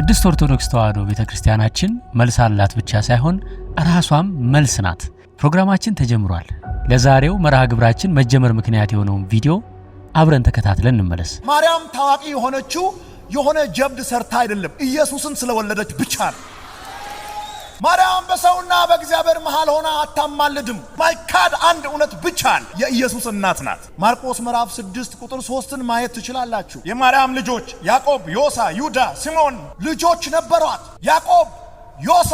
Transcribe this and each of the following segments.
ቅድስት ኦርቶዶክስ ተዋሕዶ ቤተ ክርስቲያናችን መልስ አላት ብቻ ሳይሆን ራሷም መልስ ናት። ፕሮግራማችን ተጀምሯል። ለዛሬው መርሃ ግብራችን መጀመር ምክንያት የሆነውን ቪዲዮ አብረን ተከታትለን እንመለስ። ማርያም ታዋቂ የሆነችው የሆነ ጀብድ ሰርታ አይደለም፣ ኢየሱስን ስለወለደች ብቻ ነው። ማርያም በሰውና በእግዚአብሔር መሃል ሆና አታማልድም። ማይካድ አንድ እውነት ብቻ አለ፣ የኢየሱስ እናት ናት። ማርቆስ ምዕራፍ 6 ቁጥር 3 ማየት ትችላላችሁ። የማርያም ልጆች ያዕቆብ፣ ዮሳ፣ ይሁዳ፣ ሲሞን ልጆች ነበሯት። ያዕቆብ፣ ዮሳ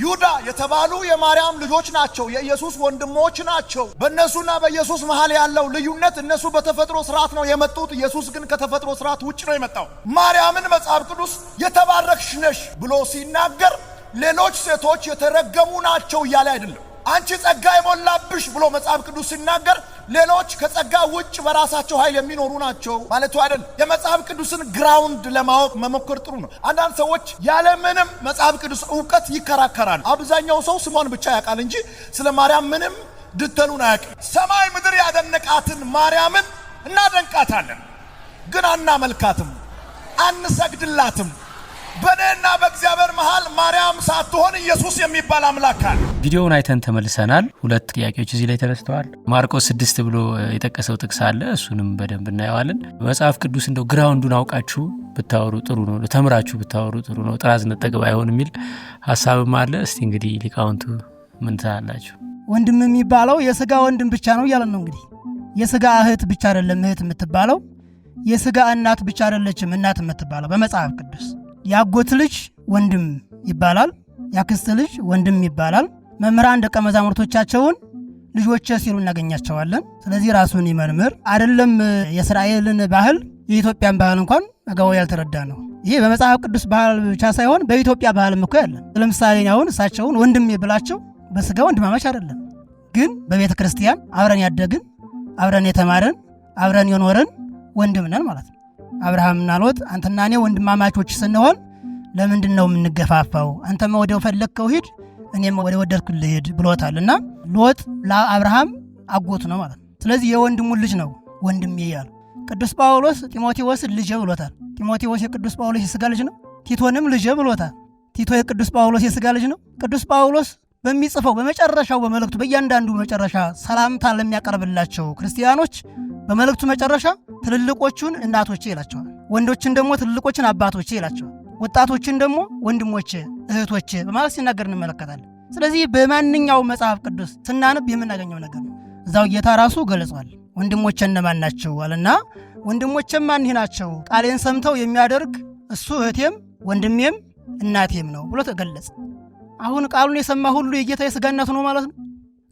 ይሁዳ የተባሉ የማርያም ልጆች ናቸው። የኢየሱስ ወንድሞች ናቸው። በእነሱና በኢየሱስ መሃል ያለው ልዩነት እነሱ በተፈጥሮ ስርዓት ነው የመጡት። ኢየሱስ ግን ከተፈጥሮ ስርዓት ውጭ ነው የመጣው። ማርያምን መጽሐፍ ቅዱስ የተባረክሽ ነሽ ብሎ ሲናገር ሌሎች ሴቶች የተረገሙ ናቸው እያለ አይደለም። አንቺ ጸጋ የሞላብሽ ብሎ መጽሐፍ ቅዱስ ሲናገር ሌሎች ከጸጋ ውጭ በራሳቸው ኃይል የሚኖሩ ናቸው ማለቱ አይደለም። የመጽሐፍ ቅዱስን ግራውንድ ለማወቅ መሞከር ጥሩ ነው። አንዳንድ ሰዎች ያለምንም መጽሐፍ ቅዱስ እውቀት ይከራከራሉ። አብዛኛው ሰው ስሟን ብቻ ያውቃል እንጂ ስለ ማርያም ምንም ድተሉን አያውቅም። ሰማይ ምድር ያደነቃትን ማርያምን እናደንቃታለን፣ ግን አናመልካትም፣ አንሰግድላትም በእኔና በእግዚአብሔር መሃል ማርያም ሳትሆን ኢየሱስ የሚባል አምላክ አለ። ቪዲዮውን አይተን ተመልሰናል። ሁለት ጥያቄዎች እዚህ ላይ ተነስተዋል። ማርቆስ ስድስት ብሎ የጠቀሰው ጥቅስ አለ። እሱንም በደንብ እናየዋለን። መጽሐፍ ቅዱስ እንደው ግራውንዱን አውቃችሁ ብታወሩ ጥሩ ነው፣ ተምራችሁ ብታወሩ ጥሩ ነው። ጥራዝ ነጠቅ አይሆን የሚል ሀሳብም አለ። እስቲ እንግዲህ ሊቃውንቱ ምን ትላላችሁ? ወንድም የሚባለው የስጋ ወንድም ብቻ ነው እያለን ነው። እንግዲህ የስጋ እህት ብቻ አይደለም እህት የምትባለው፣ የስጋ እናት ብቻ አይደለችም እናት የምትባለው በመጽሐፍ ቅዱስ የአጎት ልጅ ወንድም ይባላል፣ የአክስት ልጅ ወንድም ይባላል። መምህራን ደቀ መዛሙርቶቻቸውን ልጆች ሲሉ እናገኛቸዋለን። ስለዚህ ራሱን ይመርምር። አይደለም የእስራኤልን ባህል የኢትዮጵያን ባህል እንኳን አገባው ያልተረዳ ነው። ይሄ በመጽሐፍ ቅዱስ ባህል ብቻ ሳይሆን በኢትዮጵያ ባህልም እኮ ያለ። ለምሳሌ አሁን እሳቸውን ወንድም ብላቸው በስጋ ወንድማማች አይደለም፣ ግን በቤተ ክርስቲያን አብረን ያደግን አብረን የተማረን አብረን የኖረን ወንድም ነን ማለት ነው። አብርሃምና ሎጥ አንተና እኔ ወንድማማቾች ስንሆን ለምንድን ነው የምንገፋፋው? አንተም ወደው ፈለግከው ሂድ፣ እኔም ወደ ወደድኩ ልሄድ ብሎታል። እና ሎጥ ለአብርሃም አጎቱ ነው ማለት ነው። ስለዚህ የወንድሙ ልጅ ነው ወንድሜ እያሉ ቅዱስ ጳውሎስ ጢሞቴዎስ ልጄ ብሎታል። ጢሞቴዎስ የቅዱስ ጳውሎስ የስጋ ልጅ ነው። ቲቶንም ልጄ ብሎታል። ቲቶ የቅዱስ ጳውሎስ የስጋ ልጅ ነው። ቅዱስ ጳውሎስ በሚጽፈው በመጨረሻው በመልእክቱ በእያንዳንዱ መጨረሻ ሰላምታ ለሚያቀርብላቸው ክርስቲያኖች በመልእክቱ መጨረሻ ትልልቆቹን እናቶቼ ይላቸዋል፣ ወንዶችን ደግሞ ትልልቆችን አባቶቼ ይላቸዋል። ወጣቶችን ደግሞ ወንድሞች፣ እህቶች በማለት ሲናገር እንመለከታለን። ስለዚህ በማንኛውም መጽሐፍ ቅዱስ ስናነብ የምናገኘው ነገር ነው። እዛው ጌታ ራሱ ገልጿል። ወንድሞች እነማን ናቸው አለና፣ ወንድሞቼ እኒህ ናቸው፣ ቃሌን ሰምተው የሚያደርግ እሱ እህቴም ወንድሜም እናቴም ነው ብሎ ተገለጸ። አሁን ቃሉን የሰማ ሁሉ የጌታ የስጋ እናቱ ነው ማለት ነው።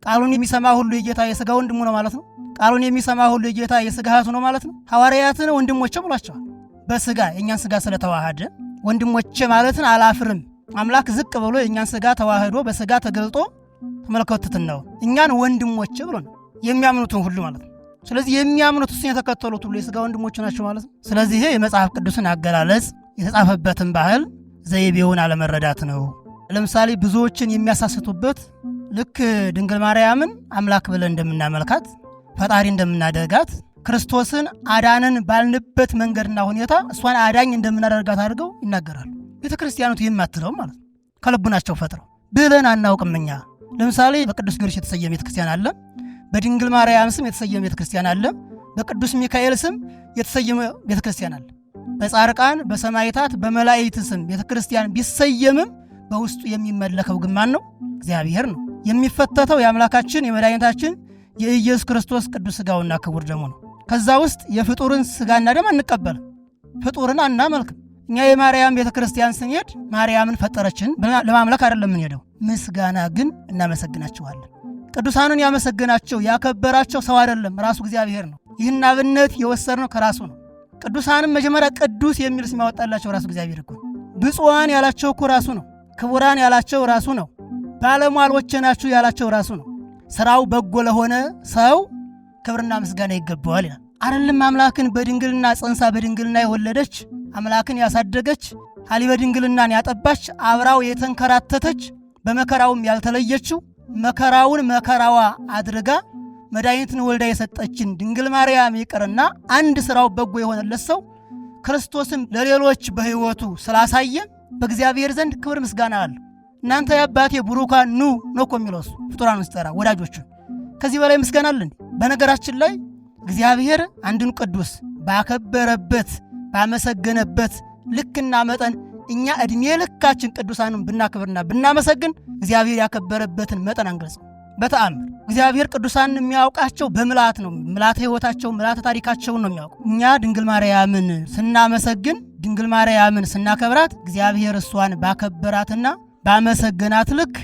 ቃሉን የሚሰማ ሁሉ የጌታ የሥጋ ወንድሙ ነው ማለት ነው። ቃሉን የሚሰማ ሁሉ የጌታ የሥጋ እህቱ ነው ማለት ነው። ሐዋርያትን ወንድሞቼ ብሏቸዋል። በሥጋ የእኛን ሥጋ ስለተዋሃደ ወንድሞቼ ማለትን አላፍርም። አምላክ ዝቅ ብሎ የእኛን ስጋ ተዋህዶ በስጋ ተገልጦ ተመለከቱትን ነው። እኛን ወንድሞች ብሎ ነው የሚያምኑትን ሁሉ ማለት ነው። ስለዚህ የሚያምኑት እሱን የተከተሉት ሁሉ የስጋ ወንድሞች ናቸው ማለት ነው። ስለዚህ ይሄ የመጽሐፍ ቅዱስን አገላለጽ የተጻፈበትን ባህል ዘይቤውን አለመረዳት ነው። ለምሳሌ ብዙዎችን የሚያሳስቱበት ልክ ድንግል ማርያምን አምላክ ብለን እንደምናመልካት ፈጣሪ እንደምናደርጋት ክርስቶስን አዳንን ባልንበት መንገድና ሁኔታ እሷን አዳኝ እንደምናደርጋት አድርገው ይናገራሉ። ቤተ ክርስቲያኖቱ ይህም ማለት ነው። ከልቡናቸው ፈጥረው ብለን አናውቅም እኛ። ለምሳሌ በቅዱስ ጊዮርጊስ የተሰየመ ቤተ ክርስቲያን አለ። በድንግል ማርያም ስም የተሰየመ ቤተ ክርስቲያን አለ። በቅዱስ ሚካኤል ስም የተሰየመ ቤተ ክርስቲያን አለ። በጻርቃን በሰማይታት በመላእክት ስም ቤተ ክርስቲያን ቢሰየምም በውስጡ የሚመለከው ግማን ነው? እግዚአብሔር ነው። የሚፈተተው የአምላካችን የመድኃኒታችን የኢየሱስ ክርስቶስ ቅዱስ ሥጋውና ክቡር ደሙ ነው። ከዛ ውስጥ የፍጡርን ስጋና ደም አንቀበልም፣ ፍጡርን አናመልክም። እኛ የማርያም ቤተ ክርስቲያን ስንሄድ ማርያምን ፈጠረችን ለማምለክ አይደለም የምንሄደው። ምስጋና ግን እናመሰግናቸዋለን። ቅዱሳንን ያመሰግናቸው ያከበራቸው ሰው አይደለም ራሱ እግዚአብሔር ነው። ይህን አብነት የወሰድነው ከራሱ ነው። ቅዱሳንም መጀመሪያ ቅዱስ የሚል ስም ያወጣላቸው ራሱ እግዚአብሔር እኮ ብፁዓን ያላቸው እኮ ራሱ ነው። ክቡራን ያላቸው ራሱ ነው። ባለሟሎች ናችሁ ያላቸው ራሱ ነው። ስራው በጎ ለሆነ ሰው ክብርና ምስጋና ይገባዋል ይላል። አይደለም አምላክን በድንግልና ጸንሳ በድንግልና የወለደች አምላክን ያሳደገች ሀሊ በድንግልናን ያጠባች አብራው የተንከራተተች በመከራውም ያልተለየችው መከራውን መከራዋ አድርጋ መድኃኒትን ወልዳ የሰጠችን ድንግል ማርያም ይቅርና አንድ ስራው በጎ የሆነለት ሰው ክርስቶስም ለሌሎች በሕይወቱ ስላሳየ በእግዚአብሔር ዘንድ ክብር ምስጋና አለ። እናንተ የአባቴ ቡሩካን ኑ ነው እኮ የሚለው እሱ ፍጡራን ወዳጆቹን። ከዚህ በላይ ምስጋና አለን? በነገራችን ላይ እግዚአብሔር አንድን ቅዱስ ባከበረበት ባመሰገነበት ልክና መጠን እኛ ዕድሜ ልካችን ቅዱሳንን ብናክብርና ብናመሰግን እግዚአብሔር ያከበረበትን መጠን አንገልጽ። በተአምር እግዚአብሔር ቅዱሳንን የሚያውቃቸው በምልአት ነው። ምልአተ ሕይወታቸው ምልአተ ታሪካቸውን ነው የሚያውቀው። እኛ ድንግል ማርያምን ስናመሰግን፣ ድንግል ማርያምን ስናከብራት እግዚአብሔር እሷን ባከበራትና ባመሰገናት ልክ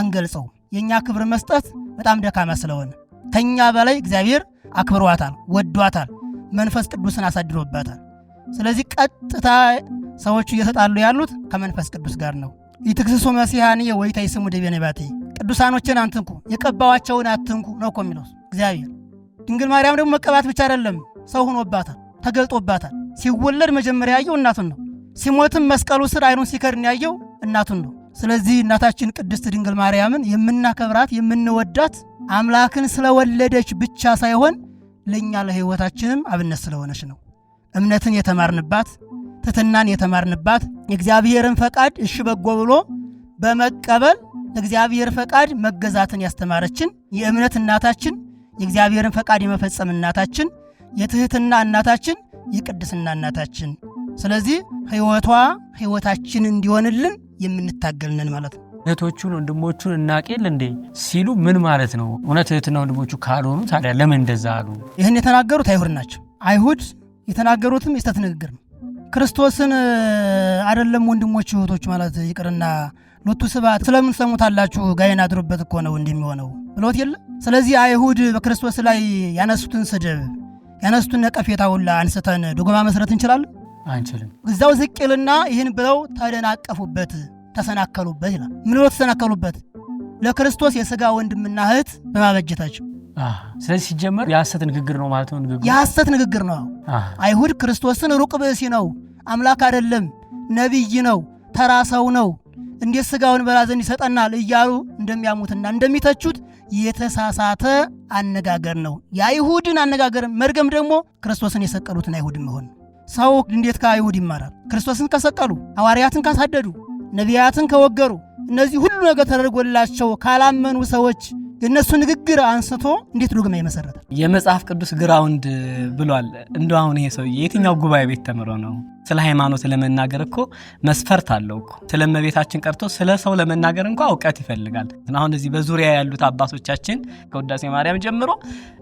አንገልጸው። የእኛ ክብር መስጠት በጣም ደካማ ስለሆነ ከኛ በላይ እግዚአብሔር አክብሯታል፣ ወዷታል፣ መንፈስ ቅዱስን አሳድሮባታል። ስለዚህ ቀጥታ ሰዎቹ እየተጣሉ ያሉት ከመንፈስ ቅዱስ ጋር ነው። ይትክስሱ መሲሐንየ ወኢታይስሙ ዲበ ነባትየ፣ ቅዱሳኖችን አትንኩ የቀባዋቸውን አትንኩ ነው እኮ የሚለው እግዚአብሔር። ድንግል ማርያም ደግሞ መቀባት ብቻ አይደለም፣ ሰው ሆኖባታል፣ ተገልጦባታል። ሲወለድ መጀመሪያ ያየው እናቱን ነው። ሲሞትም መስቀሉ ስር አይኑን ሲከርን ያየው እናቱን ነው። ስለዚህ እናታችን ቅድስት ድንግል ማርያምን የምናከብራት የምንወዳት አምላክን ስለወለደች ብቻ ሳይሆን ለእኛ ለሕይወታችንም አብነት ስለሆነች ነው። እምነትን የተማርንባት፣ ትትናን የተማርንባት፣ የእግዚአብሔርን ፈቃድ እሽ በጎ ብሎ በመቀበል ለእግዚአብሔር ፈቃድ መገዛትን ያስተማረችን የእምነት እናታችን፣ የእግዚአብሔርን ፈቃድ የመፈጸም እናታችን፣ የትህትና እናታችን፣ የቅድስና እናታችን። ስለዚህ ሕይወቷ ሕይወታችን እንዲሆንልን የምንታገልንን ማለት ነው። እህቶቹን ወንድሞቹን እናቄል እንዴ ሲሉ ምን ማለት ነው? እውነት እህትና ወንድሞቹ ካልሆኑ ታዲያ ለምን እንደዛ አሉ? ይህን የተናገሩት አይሁድ ናቸው። አይሁድ የተናገሩትም የስተት ንግግር ነው። ክርስቶስን አይደለም ወንድሞች እህቶች ማለት ይቅርና ሎቱ ስብሐት ስለምን ሰሙታላችሁ? ጋይን አድሮበት እኮ ነው እንደሚሆነው ብሎት የለ። ስለዚህ አይሁድ በክርስቶስ ላይ ያነሱትን ስድብ ያነሱትን ነቀፌታ ሁላ አንስተን ዶግማ መስረት እንችላለን አንችልም። እዛው ዝቅ ይልና ይህን ብለው ተደናቀፉበት። ተሰናከሉበት ይላል። ምን ብሎ ተሰናከሉበት? ለክርስቶስ የሥጋ ወንድምና እህት በማበጀታቸው። ስለዚህ ሲጀመር የሐሰት ንግግር ነው ማለት ነው። ንግግር የሐሰት ንግግር ነው። አይሁድ ክርስቶስን ሩቅ ብእሲ ነው፣ አምላክ አይደለም፣ ነቢይ ነው፣ ተራ ሰው ነው፣ እንዴት ሥጋውን በላ ዘንድ ይሰጠናል እያሉ እንደሚያሙትና እንደሚተቹት የተሳሳተ አነጋገር ነው። የአይሁድን አነጋገር መርገም ደግሞ ክርስቶስን የሰቀሉትን አይሁድ መሆን። ሰው እንዴት ከአይሁድ ይማራል? ክርስቶስን ከሰቀሉ ሐዋርያትን ካሳደዱ ነቢያትን ከወገሩ እነዚህ ሁሉ ነገር ተደርጎላቸው ካላመኑ ሰዎች የእነሱ ንግግር አንስቶ እንዴት ዶግማ የመሰረተ የመጽሐፍ ቅዱስ ግራውንድ ብሏል። እንደው አሁን ይሄ ሰው የትኛው ጉባኤ ቤት ተምሮ ነው? ስለ ሃይማኖት ለመናገር እኮ መስፈርት አለው እኮ። ስለ እመቤታችን ቀርቶ ስለ ሰው ለመናገር እንኳ እውቀት ይፈልጋል። አሁን እዚህ በዙሪያ ያሉት አባቶቻችን ከውዳሴ ማርያም ጀምሮ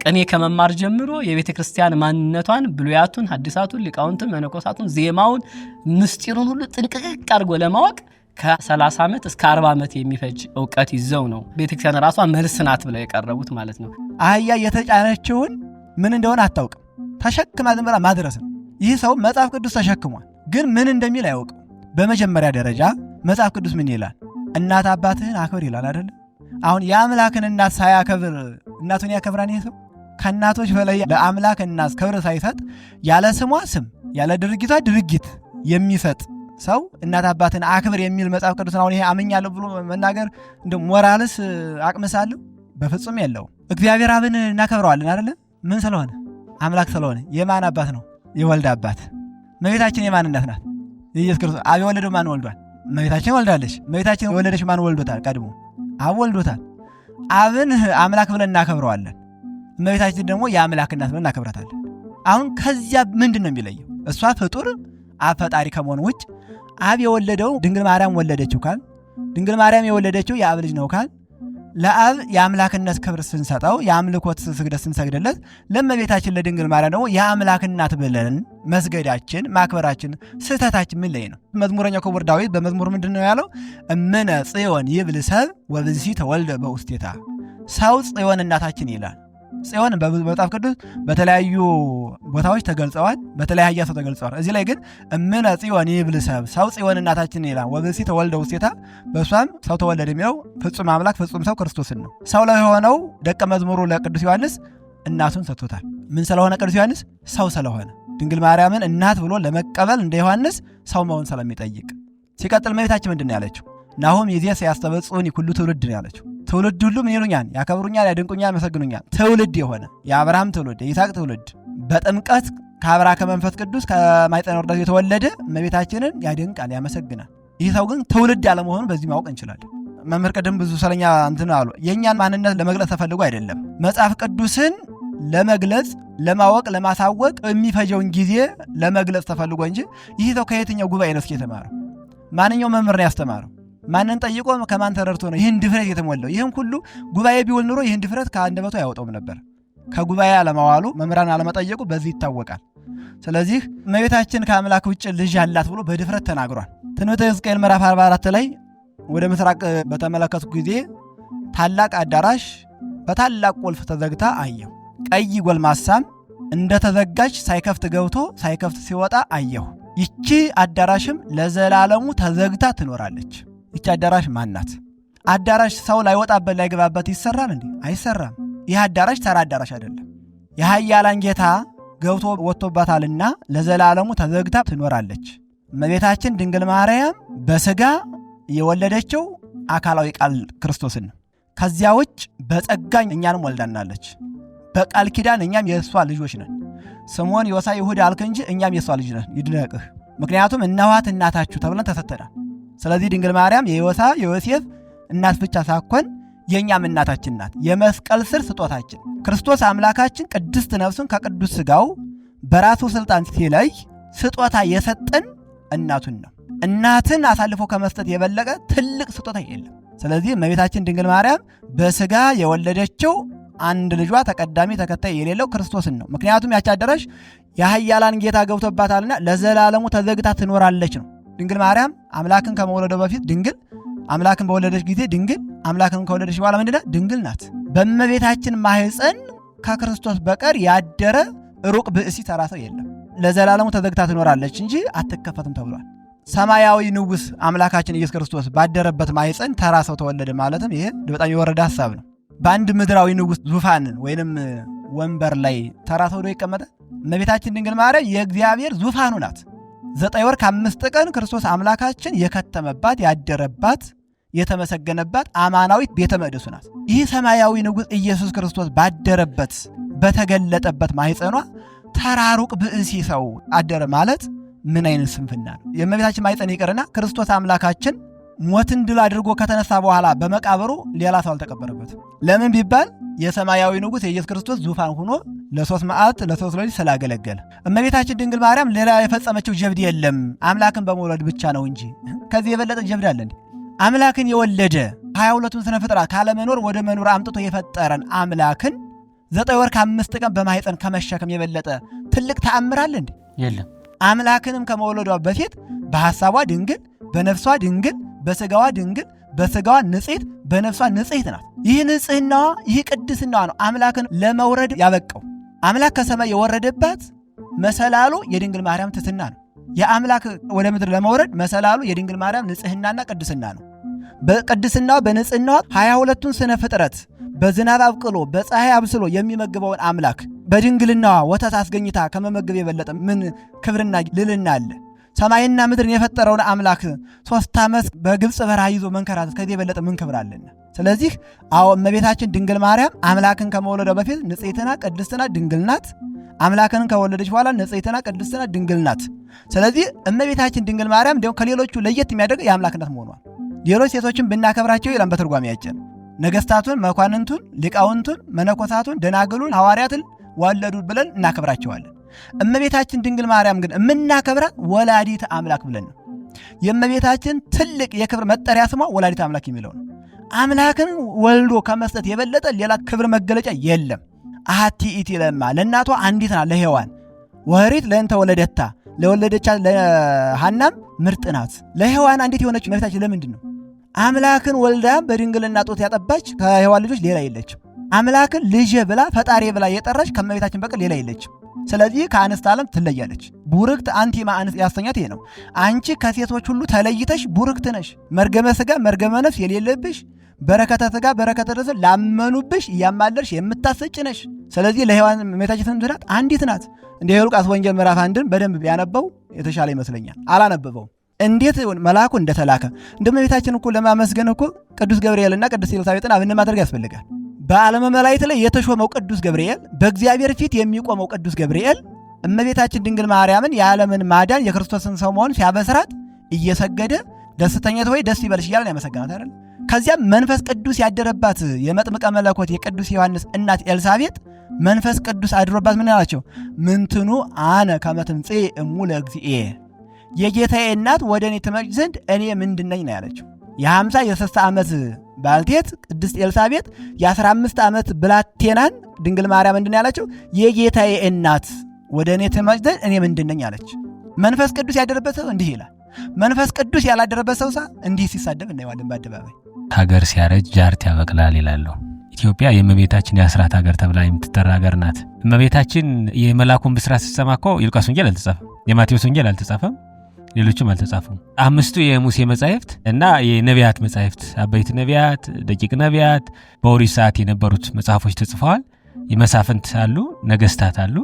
ቅኔ ከመማር ጀምሮ የቤተ ክርስቲያን ማንነቷን፣ ብሉያቱን፣ ሐዲሳቱን፣ ሊቃውንትን፣ መነኮሳቱን፣ ዜማውን፣ ምስጢሩን ሁሉ ጥንቅቅቅ አድርጎ ለማወቅ ከ30 ዓመት እስከ 40 ዓመት የሚፈጅ እውቀት ይዘው ነው ቤተክርስቲያን ራሷ መልስ ናት ብለው የቀረቡት ማለት ነው። አህያ የተጫነችውን ምን እንደሆነ አታውቅም። ተሸክማ ዝም ብላ ማድረስ ነው። ይህ ሰው መጽሐፍ ቅዱስ ተሸክሟል፣ ግን ምን እንደሚል አያውቅም። በመጀመሪያ ደረጃ መጽሐፍ ቅዱስ ምን ይላል? እናት አባትህን አክብር ይላል አይደለ? አሁን የአምላክን እናት ሳያከብር እናቱን ያከብራን ይህ ሰው ከእናቶች በላይ ለአምላክ እናት ክብር ሳይሰጥ ያለ ስሟ ስም ያለ ድርጊቷ ድርጊት የሚሰጥ ሰው እናት አባትን አክብር የሚል መጽሐፍ ቅዱስን አሁን ይሄ አምኛለሁ ብሎ መናገር እንደ ሞራልስ አቅምሳለሁ በፍጹም የለውም። እግዚአብሔር አብን እናከብረዋለን አይደለ? ምን ስለሆነ አምላክ ስለሆነ። የማን አባት ነው? የወልድ አባት። መቤታችን የማን እናት ናት? የኢየሱስ ክርስቶስ። አብ የወለደው ማን ወልዷል? መቤታችን ወልዳለች። መቤታችን የወለደች ማን ወልዶታል? ቀድሞ አብ ወልዶታል። አብን አምላክ ብለን እናከብረዋለን። እመቤታችን ደግሞ የአምላክ እናት ብለን እናከብረታለን። አሁን ከዚያ ምንድን ነው የሚለየው? እሷ ፍጡር አብ ፈጣሪ ከመሆን ውጭ አብ የወለደው ድንግል ማርያም ወለደችው ካል ድንግል ማርያም የወለደችው የአብ ልጅ ነው ካል ለአብ የአምላክነት ክብር ስንሰጠው የአምልኮት ስግደት ስንሰግድለት ለእመቤታችን ለድንግል ማርያም ደግሞ የአምላክ እናት ብለን መስገዳችን ማክበራችን ስህተታችን ምን ላይ ነው? መዝሙረኛው ክቡር ዳዊት በመዝሙር ምንድን ነው ያለው? እምነ ጽዮን ይብል ሰብ ወብዚ ተወልደ በውስቴታ ሰው ጽዮን እናታችን ይላል። ጽዮን በመጽሐፍ ቅዱስ በተለያዩ ቦታዎች ተገልጸዋል፣ በተለያየ ሰው ተገልጸዋል። እዚህ ላይ ግን እምነ ጽዮን ይብል ሰብ ሰው ጽዮን እናታችን ይላል። ወብሲ ተወልደ ውስቴታ በእሷም ሰው ተወለደ የሚለው ፍጹም አምላክ ፍጹም ሰው ክርስቶስን ነው። ሰው ለሆነው ደቀ መዝሙሩ ለቅዱስ ዮሐንስ እናቱን ሰጥቶታል። ምን ስለሆነ ቅዱስ ዮሐንስ ሰው ስለሆነ ድንግል ማርያምን እናት ብሎ ለመቀበል እንደ ዮሐንስ ሰው መሆን ስለሚጠይቅ ሲቀጥል መቤታችን ምንድን ነው ያለችው? ናሆም የዚያ ሳያስተበጽሆን የኩሉ ትውልድ ነው ያለችው። ትውልድ ምን ይሉኛል፣ ያከብሩኛል፣ ያደንቁኛል፣ ያመሰግኑኛል። ትውልድ የሆነ የአብርሃም ትውልድ የይስሐቅ ትውልድ በጥምቀት ከአብራ ከመንፈስ ቅዱስ ከማይጠን ወርዳት የተወለደ እመቤታችንን ያደንቃል፣ ያመሰግናል። ይህ ሰው ግን ትውልድ አለመሆኑ በዚህ ማወቅ እንችላለን። መምህር ቅድም ብዙ ስለኛ እንትን አሉ። የእኛን ማንነት ለመግለጽ ተፈልጎ አይደለም መጽሐፍ ቅዱስን ለመግለጽ ለማወቅ ለማሳወቅ የሚፈጀውን ጊዜ ለመግለጽ ተፈልጎ እንጂ ይህ ሰው ከየትኛው ጉባኤ ነው እስኪ የተማረው? ማንኛው መምህር ነው ያስተማረው? ማንን ጠይቆ ከማን ተረድቶ ነው ይህን ድፍረት የተሞላው? ይህም ሁሉ ጉባኤ ቢውል ኑሮ ይህን ድፍረት ከአንደበቱ አያወጣውም ነበር። ከጉባኤ አለማዋሉ መምህራን አለመጠየቁ በዚህ ይታወቃል። ስለዚህ እመቤታችን ከአምላክ ውጭ ልጅ አላት ብሎ በድፍረት ተናግሯል። ትንቢተ ሕዝቅኤል ምዕራፍ 44 ላይ ወደ ምስራቅ በተመለከትኩ ጊዜ ታላቅ አዳራሽ በታላቅ ቁልፍ ተዘግታ አየሁ። ቀይ ጎልማሳም እንደተዘጋች ሳይከፍት ገብቶ ሳይከፍት ሲወጣ አየሁ። ይቺ አዳራሽም ለዘላለሙ ተዘግታ ትኖራለች። ይቺ አዳራሽ ማን ናት? አዳራሽ ሰው ላይወጣበት ላይገባበት ይሰራል እንዴ? አይሰራም። ይህ አዳራሽ ተራ አዳራሽ አይደለም። የሀያላን ጌታ ገብቶ ወጥቶባታልና ለዘላለሙ ተዘግታ ትኖራለች። እመቤታችን ድንግል ማርያም በስጋ የወለደችው አካላዊ ቃል ክርስቶስን ነው። ከዚያ ውጭ በጸጋኝ እኛንም ወልዳናለች። በቃል ኪዳን እኛም የእሷ ልጆች ነን። ስምዖን፣ ዮሳ፣ ይሁዳ አልክ እንጂ እኛም የእሷ ልጅ ነን። ይድነቅህ። ምክንያቱም እነኋት እናታችሁ ተብለን ተሰተናል። ስለዚህ ድንግል ማርያም የዮሳ የዮሴፍ እናት ብቻ ሳኮን የእኛም እናታችን ናት። የመስቀል ስር ስጦታችን ክርስቶስ አምላካችን ቅድስት ነፍሱን ከቅዱስ ሥጋው በራሱ ሥልጣን ሲለይ ስጦታ የሰጠን እናቱን ነው። እናትን አሳልፎ ከመስጠት የበለቀ ትልቅ ስጦታ የለም። ስለዚህ እመቤታችን ድንግል ማርያም በስጋ የወለደችው አንድ ልጇ ተቀዳሚ ተከታይ የሌለው ክርስቶስን ነው። ምክንያቱም ያቻደረሽ አዳራሽ የኃያላን ጌታ ገብቶባታልና ለዘላለሙ ተዘግታ ትኖራለች ነው። ድንግል ማርያም አምላክን ከመውለዷ በፊት ድንግል፣ አምላክን በወለደች ጊዜ ድንግል፣ አምላክን ከወለደች በኋላ ምንድነው? ድንግል ናት። በእመቤታችን ማህፀን ከክርስቶስ በቀር ያደረ ሩቅ ብእሲ ተራ ሰው የለም። ለዘላለሙ ተዘግታ ትኖራለች እንጂ አትከፈትም ተብሏል። ሰማያዊ ንጉሥ አምላካችን ኢየሱስ ክርስቶስ ባደረበት ማህፀን ተራ ሰው ተወለደ ማለትም ይሄ በጣም የወረደ ሀሳብ ነው። በአንድ ምድራዊ ንጉሥ ዙፋን ወይንም ወንበር ላይ ተራ ሰው ዶ ይቀመጠ። እመቤታችን ድንግል ማርያም የእግዚአብሔር ዙፋኑ ናት። ዘጠኝ ወር ከአምስት ቀን ክርስቶስ አምላካችን የከተመባት ያደረባት የተመሰገነባት አማናዊት ቤተ መቅደሱ ናት። ይህ ሰማያዊ ንጉሥ ኢየሱስ ክርስቶስ ባደረበት በተገለጠበት ማይጸኗ ተራሩቅ ብእሲ ሰው አደረ ማለት ምን አይነት ስንፍና ነው? የእመቤታችን ማኅፀን ይቅርና ክርስቶስ አምላካችን ሞትን ድል አድርጎ ከተነሳ በኋላ በመቃብሩ ሌላ ሰው አልተቀበረበትም። ለምን ቢባል የሰማያዊ ንጉሥ የኢየሱስ ክርስቶስ ዙፋን ሆኖ ለሶስት መዓት ለሶስት ሌሊት ስላገለገለ። እመቤታችን ድንግል ማርያም ሌላ የፈጸመችው ጀብድ የለም፣ አምላክን በመውለድ ብቻ ነው እንጂ። ከዚህ የበለጠ ጀብድ አለ እንዴ? አምላክን የወለደ ሀያ ሁለቱን ስነ ፍጥራ ካለመኖር ወደ መኖር አምጥቶ የፈጠረን አምላክን ዘጠኝ ወር ከአምስት ቀን በማህፀን ከመሸከም የበለጠ ትልቅ ተአምር አለ እንዴ? የለም። አምላክንም ከመወለዷ በፊት በሐሳቧ ድንግል፣ በነፍሷ ድንግል በስጋዋ ድንግል በስጋዋ ንጽሕት በነፍሷ ንጽሕት ናት። ይህ ንጽህናዋ ይህ ቅድስናዋ ነው አምላክን ለመውረድ ያበቃው። አምላክ ከሰማይ የወረደባት መሰላሉ የድንግል ማርያም ትትና ነው። የአምላክ ወደ ምድር ለመውረድ መሰላሉ የድንግል ማርያም ንጽህናና ቅድስና ነው። በቅድስናዋ በንጽህናዋ ሀያ ሁለቱን ስነ ፍጥረት በዝናብ አብቅሎ በፀሐይ አብስሎ የሚመግበውን አምላክ በድንግልናዋ ወተት አስገኝታ ከመመገብ የበለጠ ምን ክብርና ልልና አለ? ሰማይና ምድርን የፈጠረውን አምላክ ሶስት ዓመት በግብፅ በረሃ ይዞ መንከራተት ከዚህ የበለጠ ምን ክብር አለን? ስለዚህ አዎ እመቤታችን ድንግል ማርያም አምላክን ከመወለዷ በፊት ንጽሕትና ቅድስትና ድንግል ናት። አምላክን ከወለደች በኋላ ንጽሕትና ቅድስትና ድንግል ናት። ስለዚህ እመቤታችን ድንግል ማርያም እንዲሁም ከሌሎቹ ለየት የሚያደርግ የአምላክነት መሆኗል። ሌሎች ሴቶችን ብናከብራቸው ይላል በትርጓሜያችን ነገስታቱን፣ መኳንንቱን፣ ሊቃውንቱን፣ መነኮሳቱን፣ ደናግሉን፣ ሐዋርያትን ወለዱ ብለን እናከብራቸዋለን። እመቤታችን ድንግል ማርያም ግን የምናከብራት ወላዲት አምላክ ብለን ነው። የእመቤታችን ትልቅ የክብር መጠሪያ ስሟ ወላዲት አምላክ የሚለው ነው። አምላክን ወልዶ ከመስጠት የበለጠ ሌላ ክብር መገለጫ የለም። አሐቲ ኢቲ ለማ ለእናቷ አንዲት ናት ለሔዋን ወሪት ለእንተ ወለደታ ለወለደቻ ለሐናም ምርጥ ናት። ለሔዋን አንዲት የሆነች እመቤታችን ለምንድን ነው አምላክን ወልዳ በድንግልና ጡት ያጠባች? ከሔዋን ልጆች ሌላ የለችም። አምላክን ልጄ ብላ ፈጣሪ ብላ የጠራች ከእመቤታችን በቀር ሌላ የለችም። ስለዚህ ከአንስት ዓለም ትለያለች። ቡርክት አንቲ ማአንስ ያሰኛት ይሄ ነው። አንቺ ከሴቶች ሁሉ ተለይተሽ ቡርክት ነሽ። መርገመ ስጋ መርገመ ነፍስ የሌለብሽ በረከተ ስጋ በረከተ ነፍስ ላመኑብሽ እያማለርሽ የምታሰጭ ነሽ። ስለዚህ ለሔዋን እመቤታችን ምትናት አንዲት ናት። እንደ ሉቃስ ወንጌል ምዕራፍ አንድን በደንብ ቢያነበው የተሻለ ይመስለኛል። አላነበበው እንዴት መልአኩ እንደተላከ እንደመቤታችን እኮ ለማመስገን እኮ ቅዱስ ገብርኤልና ቅዱስ ኤልሳቤጥን አብን ማድረግ ያስፈልጋል። በዓለመ መላእክት ላይ የተሾመው ቅዱስ ገብርኤል በእግዚአብሔር ፊት የሚቆመው ቅዱስ ገብርኤል እመቤታችን ድንግል ማርያምን የዓለምን ማዳን የክርስቶስን ሰው መሆን ሲያበስራት እየሰገደ ደስተኛት ወይ ደስ ይበልሽ እያለን ያመሰግናት አይደል? ከዚያም መንፈስ ቅዱስ ያደረባት የመጥምቀ መለኮት የቅዱስ ዮሐንስ እናት ኤልሳቤጥ መንፈስ ቅዱስ አድሮባት ምን ያላቸው ምንትኑ አነ ከመትምፄ እሙለ እግዚኤ የጌታዬ እናት ወደ እኔ ትመጭ ዘንድ እኔ ምንድነኝ ነው ያለችው። የ50 የ60 ዓመት ባልቴት ቅድስት ኤልሳቤጥ የ15 ዓመት ብላቴናን ድንግል ማርያም ምንድን ያለችው የጌታዬ እናት ወደ እኔ ትመጭ ዘንድ እኔ ምንድን ነኝ አለች። መንፈስ ቅዱስ ያደረበት ሰው እንዲህ ይላል። መንፈስ ቅዱስ ያላደረበት ሰው ሳ እንዲህ ሲሳደብ እናየዋለን በአደባባይ። ሀገር ሲያረጅ ጃርት ያበቅላል ይላለሁ። ኢትዮጵያ የእመቤታችን የአስራት ሀገር ተብላ የምትጠራ ሀገር ናት። እመቤታችን የመላኩን ብስራት ስትሰማ እኮ ይልቃስ ወንጌል አልተጻፈም፣ የማቴዎስ ወንጌል አልተጻፈም ሌሎችም አልተጻፉም። አምስቱ የሙሴ መጻሕፍት እና የነቢያት መጻሕፍት አበይት ነቢያት፣ ደቂቅ ነቢያት በኦሪት ሰዓት የነበሩት መጽሐፎች ተጽፈዋል። የመሳፍንት አሉ፣ ነገስታት አሉ፣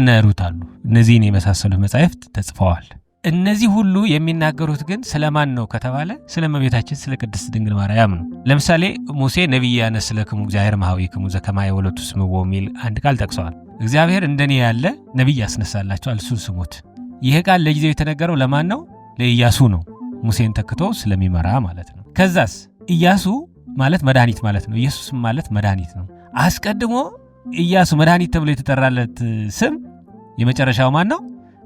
እነ ሩት አሉ። እነዚህን የመሳሰሉት መጻሕፍት ተጽፈዋል። እነዚህ ሁሉ የሚናገሩት ግን ስለማን ነው ከተባለ ስለ እመቤታችን ስለ ቅድስት ድንግል ማርያም ነው። ለምሳሌ ሙሴ ነቢያነ ስለ ክሙ እግዚአብሔር ማህዊ ክሙ ዘከማየ ወለቱ ስምዎ የሚል አንድ ቃል ጠቅሰዋል። እግዚአብሔር እንደኔ ያለ ነቢይ ያስነሳላቸዋል፣ እሱን ስሙት ይህ ቃል ለጊዜው የተነገረው ለማን ነው? ለኢያሱ ነው። ሙሴን ተክቶ ስለሚመራ ማለት ነው። ከዛስ ኢያሱ ማለት መድኃኒት ማለት ነው። ኢየሱስ ማለት መድኃኒት ነው። አስቀድሞ ኢያሱ መድኃኒት ተብሎ የተጠራለት ስም የመጨረሻው ማን ነው?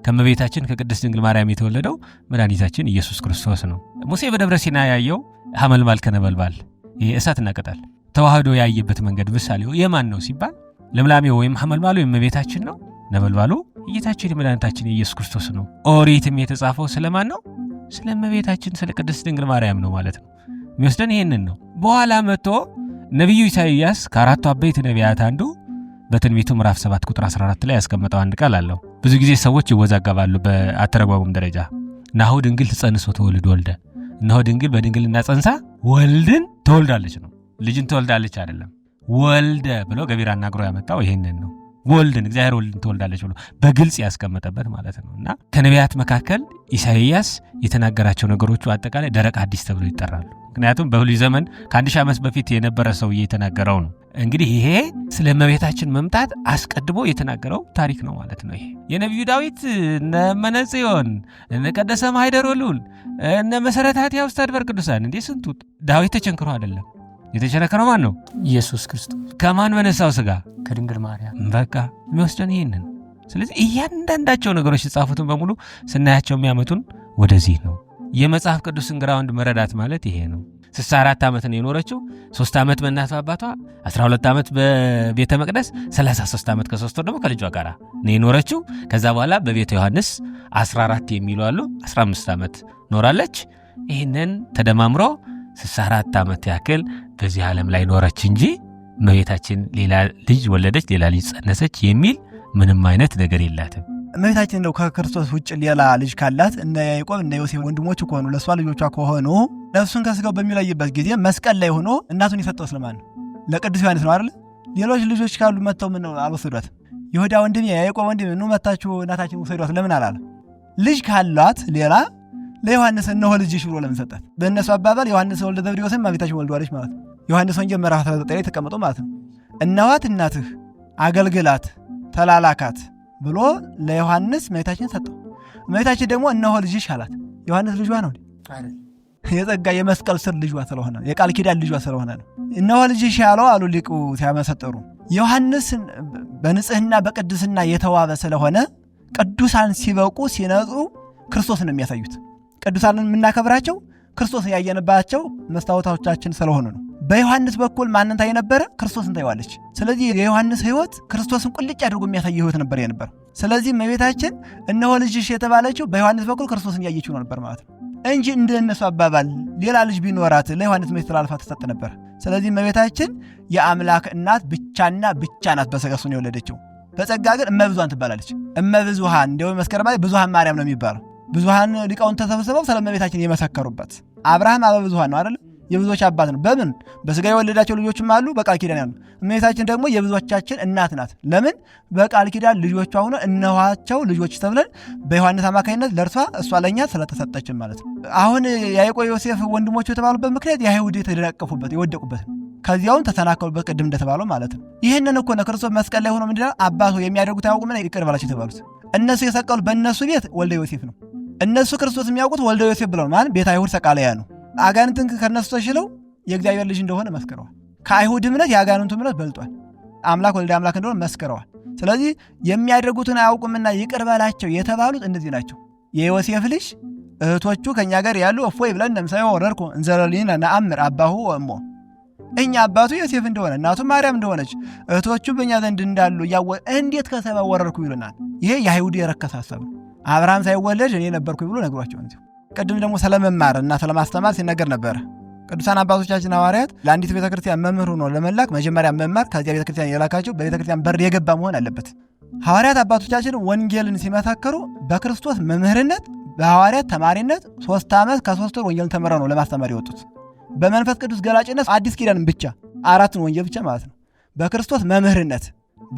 ከእመቤታችን ከቅድስት ድንግል ማርያም የተወለደው መድኃኒታችን ኢየሱስ ክርስቶስ ነው። ሙሴ በደብረ ሲና ያየው ሐመልማል ከነበልባል ይህ እሳትና ቅጠል ተዋህዶ ያየበት መንገድ ምሳሌው የማን ነው ሲባል ለምላሜው ወይም ሐመልማሉ መቤታችን ነው። ነበልባሉ ጌታችን የመድኃኒታችን የኢየሱስ ክርስቶስ ነው። ኦሪትም የተጻፈው ስለማን ነው? ስለ እመቤታችን ስለ ቅድስት ድንግል ማርያም ነው ማለት ነው። የሚወስደን ይሄንን ነው። በኋላ መጥቶ ነቢዩ ኢሳይያስ ከአራቱ አበይት ነቢያት አንዱ በትንቢቱ ምዕራፍ 7 ቁጥር 14 ላይ ያስቀመጠው አንድ ቃል አለው። ብዙ ጊዜ ሰዎች ይወዛገባሉ በአተረጓጉም ደረጃ። ናሁ ድንግል ትጸንሶ ተወልድ ወልደ፣ እነሆ ድንግል በድንግልና ጸንሳ ወልድን ተወልዳለች ነው። ልጅን ተወልዳለች አይደለም። ወልደ ብሎ ገቢራ አናግሮ ያመጣው ይሄንን ነው። ወልድን እግዚአብሔር ወልድን ትወልዳለች ብሎ በግልጽ ያስቀመጠበት ማለት ነው እና ከነቢያት መካከል ኢሳይያስ የተናገራቸው ነገሮቹ አጠቃላይ ደረቅ አዲስ ተብሎ ይጠራሉ። ምክንያቱም በሁሉ ዘመን ከአንድ ሺህ ዓመት በፊት የነበረ ሰውዬ የተናገረው ነው። እንግዲህ ይሄ ስለ እመቤታችን መምጣት አስቀድሞ የተናገረው ታሪክ ነው ማለት ነው። ይሄ የነቢዩ ዳዊት እነ መነጽዮን እነ ቀደሰ ማይደር ወሉል እነ መሰረታት ያውስታድበር ቅዱሳን እንዴ ስንቱ ዳዊት ተቸንክሮ አይደለም የተሸነከረው ማን ነው? ኢየሱስ ክርስቶስ። ከማን በነሳው ስጋ? ከድንግል ማርያም። በቃ የሚወስደን ይህንን። ስለዚህ እያንዳንዳቸው ነገሮች የተጻፉትን በሙሉ ስናያቸው የሚያመጡን ወደዚህ ነው። የመጽሐፍ ቅዱስን ግራውንድ መረዳት ማለት ይሄ ነው። ስሳ አራት ዓመት ነው የኖረችው። ሶስት ዓመት በእናት በአባቷ 12 ዓመት በቤተ መቅደስ፣ 33 ዓመት ከሶስት ወር ደግሞ ከልጇ ጋር ነው የኖረችው። ከዛ በኋላ በቤተ ዮሐንስ 14 የሚሉ አሉ 15 ዓመት ኖራለች። ይህንን ተደማምሮ 64 ዓመት ያክል በዚህ ዓለም ላይ ኖረች እንጂ እመቤታችን ሌላ ልጅ ወለደች፣ ሌላ ልጅ ጸነሰች የሚል ምንም አይነት ነገር የላትም። እመቤታችን እንደው ከክርስቶስ ውጭ ሌላ ልጅ ካላት እነ ያዕቆብ እነ ዮሴፍ ወንድሞች ከሆኑ ለእሷ ልጆቿ ከሆኑ ነፍሱን ከስጋው በሚለይበት ጊዜ መስቀል ላይ ሆኖ እናቱን የሰጠው ስለማን ነው? ለቅዱስ ዮሐንስ ነው አይደል? ሌሎች ልጆች ካሉ መጥተው ምን አልወሰዷት? ይሁዳ ወንድም፣ የያዕቆብ ወንድም ኑ መታችሁ እናታችን ውሰዷት ለምን አላለ? ልጅ ካሏት ሌላ ለዮሐንስ እነሆ ልጅሽ ብሎ ለምን ሰጣት? በእነሱ አባባል ዮሐንስ ወልደ ዘብዴዎስን እመቤታችን ወልደዋለች ማለት ነው። ዮሐንስ ወንጌል ምዕራፍ 19 ላይ ተቀምጦ ማለት ነው። እነኋት እናትህ አገልግላት፣ ተላላካት ብሎ ለዮሐንስ እመቤታችን ሰጠው። እመቤታችን ደግሞ እነሆ ልጅሽ አላት። ዮሐንስ ልጇ ነው የጸጋ የመስቀል ስር ልጇ ስለሆነ የቃል ኪዳን ልጇ ስለሆነ ነው። እነሆ ልጅሽ ያለው አሉ ሊቁ ሲያመሰጠሩ ዮሐንስ በንጽህና በቅድስና የተዋበ ስለሆነ ቅዱሳን ሲበቁ ሲነጹ ክርስቶስን ነው የሚያሳዩት። ቅዱሳንን የምናከብራቸው ክርስቶስ ያየንባቸው መስታወታዎቻችን ስለሆኑ ነው። በዮሐንስ በኩል ማንን ታይ ነበረ? ክርስቶስን ታይዋለች። ስለዚህ የዮሐንስ ሕይወት ክርስቶስን ቁልጭ አድርጎ የሚያሳየ ሕይወት ነበር የነበረ። ስለዚህ መቤታችን እነሆ ልጅሽ የተባለችው በዮሐንስ በኩል ክርስቶስን እያየችው ነበር ማለት ነው እንጂ እንደ እነሱ አባባል ሌላ ልጅ ቢኖራት ለዮሐንስ መቤት ተላልፋ ተሰጥ ነበር። ስለዚህ መቤታችን የአምላክ እናት ብቻና ብቻ ናት በሰገሱን የወለደችው። በጸጋ ግን እመብዙን ትባላለች። እመብዙሃን እንዲሁም መስከረም ብዙሃን ማርያም ነው የሚባለው። ብዙሃን ሊቃውንት ተሰብስበው ስለ እመቤታችን የመሰከሩበት አብርሃም አበ ብዙሃን ነው አይደለም የብዙዎች አባት ነው። በምን በስጋ የወለዳቸው ልጆችም አሉ፣ በቃል ኪዳን ያሉ። እመቤታችን ደግሞ የብዙዎቻችን እናት ናት። ለምን በቃል ኪዳን ልጆቿ ሆነ እነኋቸው ልጆች ተብለን በዮሐንስ አማካኝነት ለእርሷ እሷ ለእኛ ስለተሰጠችን ማለት ነው። አሁን ያዕቆብ ዮሴፍ ወንድሞቹ የተባሉበት ምክንያት የአይሁድ የተደናቀፉበት የወደቁበት ነው። ከዚያውም ተሰናከሉበት ቅድም እንደተባለው ማለት ነው። ይህንን እኮ ነው ክርስቶስ መስቀል ላይ ሆኖ ምንድነው አባቱ የሚያደርጉት አያውቁምና ይቅር በላቸው የተባሉት እነሱ የሰቀሉት በእነሱ ቤት ወልደ ዮሴፍ ነው። እነሱ ክርስቶስ የሚያውቁት ወልደ ዮሴፍ ብለው ማለት ቤተ አይሁድ ሰቃለያ ነው። አጋንንትን ከነሱ ተሽለው የእግዚአብሔር ልጅ እንደሆነ መስክረዋል። ከአይሁድ እምነት የአጋንንቱ እምነት በልጧል። አምላክ ወልደ አምላክ እንደሆነ መስክረዋል። ስለዚህ የሚያደርጉትን አያውቁምና ይቅር በላቸው የተባሉት እነዚህ ናቸው። የዮሴፍ ልጅ እህቶቹ ከእኛ ጋር ያሉ እፎይ ብለን እንደምሳሌ ወረድኩ እንዘረልኝ ነአምር አባሁ እሞ እኛ አባቱ ዮሴፍ እንደሆነ እናቱ ማርያም እንደሆነች እህቶቹ በእኛ ዘንድ እንዳሉ እያወ እንዴት ከሰማይ ወረድኩ ይሉናል። ይሄ የአይሁድ የረከሰ ሀሳብ ነው። አብርሃም ሳይወለድ እኔ ነበርኩ ብሎ ነግሯቸው እንዲሁ ቅድም ደግሞ ስለመማር እና ስለማስተማር ሲነገር ነበረ። ቅዱሳን አባቶቻችን ሐዋርያት ለአንዲት ቤተክርስቲያን መምህር ሆኖ ለመላክ መጀመሪያ መማር ከዚያ ቤተክርስቲያን የላካቸው በቤተክርስቲያን በር የገባ መሆን አለበት። ሐዋርያት አባቶቻችን ወንጌልን ሲመሳከሩ በክርስቶስ መምህርነት፣ በሐዋርያት ተማሪነት ሶስት ዓመት ከሶስት ወር ወንጌልን ተምረው ነው ለማስተማር የወጡት። በመንፈስ ቅዱስ ገላጭነት አዲስ ኪዳን ብቻ አራትን ወንጌል ብቻ ማለት ነው። በክርስቶስ መምህርነት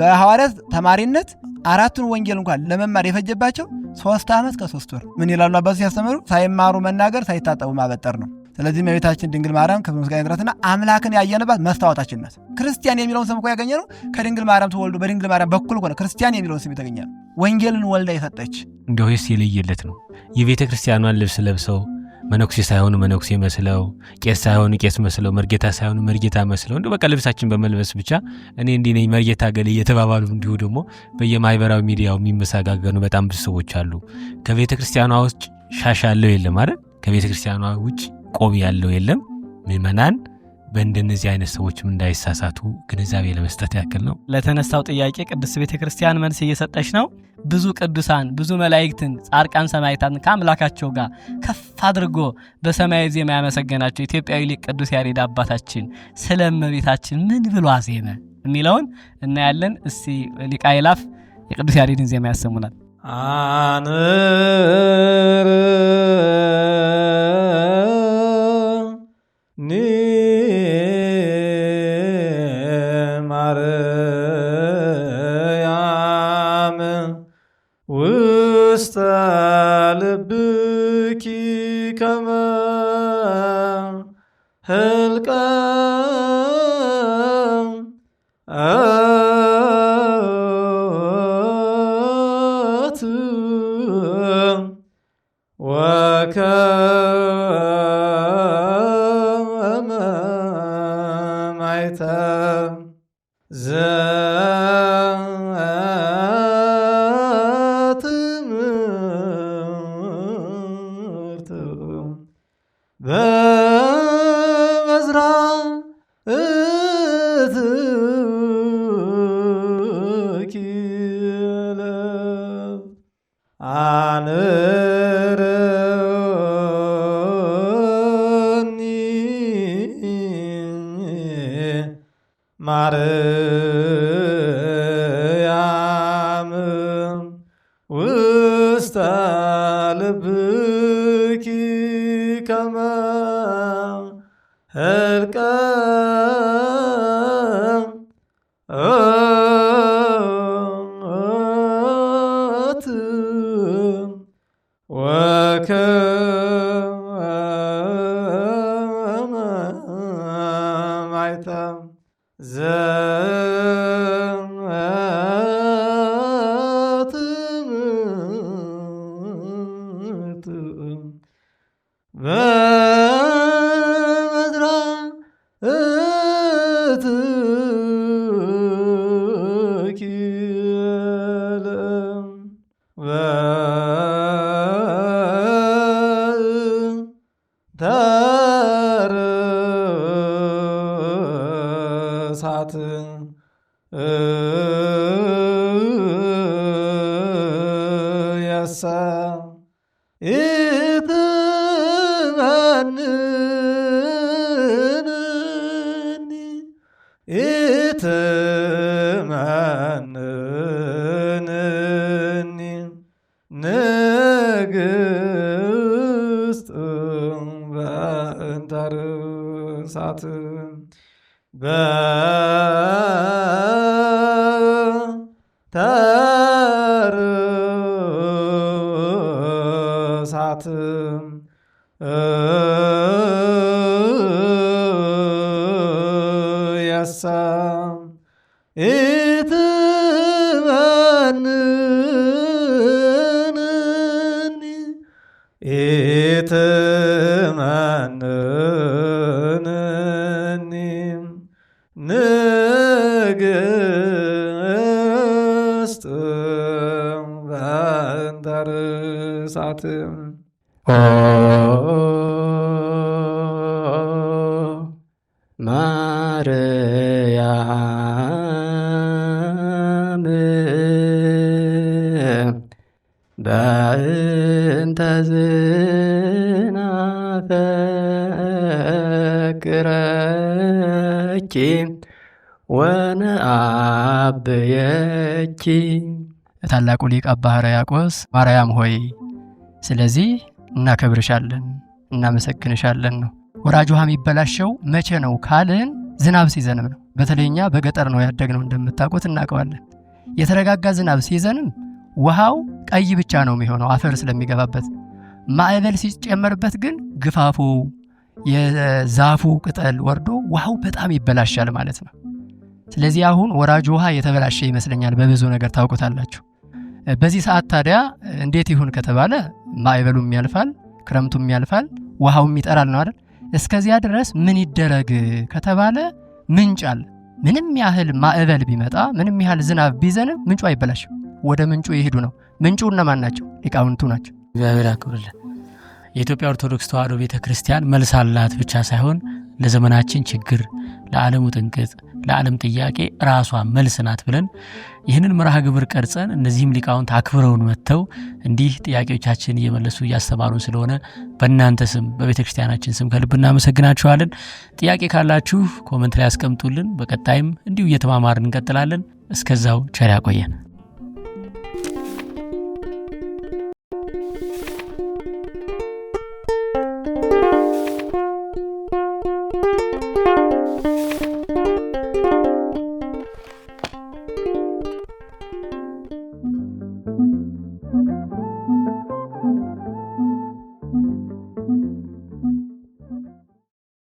በሐዋርያት ተማሪነት አራቱን ወንጌል እንኳን ለመማር የፈጀባቸው ሶስት ዓመት ከሶስት ወር። ምን ይላሉ አባቶች ሲያስተምሩ? ሳይማሩ መናገር፣ ሳይታጠቡ ማበጠር ነው። ስለዚህ እመቤታችን ድንግል ማርያም ክብር ምስጋና ይድረስና አምላክን ያየንባት መስታወታችን ናት። ክርስቲያን የሚለውን ስም እኮ ያገኘ ነው ከድንግል ማርያም ተወልዶ በድንግል ማርያም በኩል ሆነ ክርስቲያን የሚለውን ስም የተገኘ ነው። ወንጌልን ወልዳ የሰጠች እንዲያውስ የለየለት ነው። የቤተ ክርስቲያኗን ልብስ ለብሰው መነኩሴ ሳይሆኑ መነኩሴ መስለው፣ ቄስ ሳይሆኑ ቄስ መስለው፣ መርጌታ ሳይሆኑ መርጌታ መስለው እንዲሁ በቃ ልብሳችን በመልበስ ብቻ እኔ እንዲህ ነኝ መርጌታ ገሌ እየተባባሉ እንዲሁ ደግሞ በየማህበራዊ ሚዲያው የሚመሰጋገኑ በጣም ብዙ ሰዎች አሉ። ከቤተ ክርስቲያኗ ውጭ ሻሽ ያለው የለም አይደል? ከቤተ ክርስቲያኗ ውጭ ቆብ ያለው የለም። ምእመናን በእንደነዚህ አይነት ሰዎችም እንዳይሳሳቱ ግንዛቤ ለመስጠት ያክል ነው። ለተነሳው ጥያቄ ቅድስት ቤተ ክርስቲያን መልስ እየሰጠች ነው። ብዙ ቅዱሳን ብዙ መላእክትን፣ ጻድቃን፣ ሰማዕታትን ከአምላካቸው ጋር ከፍ አድርጎ በሰማያዊ ዜማ ያመሰገናቸው ኢትዮጵያዊ ሊቅ ቅዱስ ያሬድ አባታችን ስለ እመቤታችን ምን ብሎ አዜመ የሚለውን እናያለን። እስቲ ሊቃይላፍ የቅዱስ ያሬድን ዜማ ያሰሙናል። አንር ውስተ ልብኪ ከመ ህልቀ મારે Ee, yasam etmenini etmenini ne gestim ben satım ማርያም በእንተ ዝናፈቅረኪ ወነአብየኪ ታላቁ ሊቅ አባ ሕርያቆስ ማርያም ሆይ ስለዚህ እናከብርሻለን፣ እናመሰግንሻለን ነው። ወራጅ ውሃ የሚበላሸው መቼ ነው ካልን ዝናብ ሲዘንም ነው። በተለይ እኛ በገጠር ነው ያደግነው፣ እንደምታውቁት እናውቀዋለን። የተረጋጋ ዝናብ ሲዘንም ውሃው ቀይ ብቻ ነው የሚሆነው አፈር ስለሚገባበት። ማዕበል ሲጨመርበት ግን ግፋፉ የዛፉ ቅጠል ወርዶ ውሃው በጣም ይበላሻል ማለት ነው። ስለዚህ አሁን ወራጅ ውሃ የተበላሸ ይመስለኛል። በብዙ ነገር ታውቁታላችሁ። በዚህ ሰዓት ታዲያ እንዴት ይሁን ከተባለ ማዕበሉም ያልፋል፣ ክረምቱም ያልፋል፣ ውሃውም ይጠራል ነው አይደል? እስከዚያ ድረስ ምን ይደረግ ከተባለ ምንጭ አለ። ምንም ያህል ማዕበል ቢመጣ፣ ምንም ያህል ዝናብ ቢዘንብ ምንጩ አይበላሽም። ወደ ምንጩ ይሄዱ ነው። ምንጩ እነማን ናቸው? ሊቃውንቱ ናቸው። እግዚአብሔር አክብርልን። የኢትዮጵያ ኦርቶዶክስ ተዋሕዶ ቤተ ክርስቲያን መልስ አላት ብቻ ሳይሆን ለዘመናችን ችግር፣ ለዓለሙ ጥንቅጥ ለዓለም ጥያቄ ራሷ መልስ ናት ብለን ይህንን መርሃ ግብር ቀርጸን እነዚህም ሊቃውንት አክብረውን መጥተው እንዲህ ጥያቄዎቻችን እየመለሱ እያስተማሩን ስለሆነ በእናንተ ስም በቤተ ክርስቲያናችን ስም ከልብ እናመሰግናችኋለን። ጥያቄ ካላችሁ ኮመንት ላይ ያስቀምጡልን። በቀጣይም እንዲሁ እየተማማርን እንቀጥላለን። እስከዛው ቸር ያቆየን።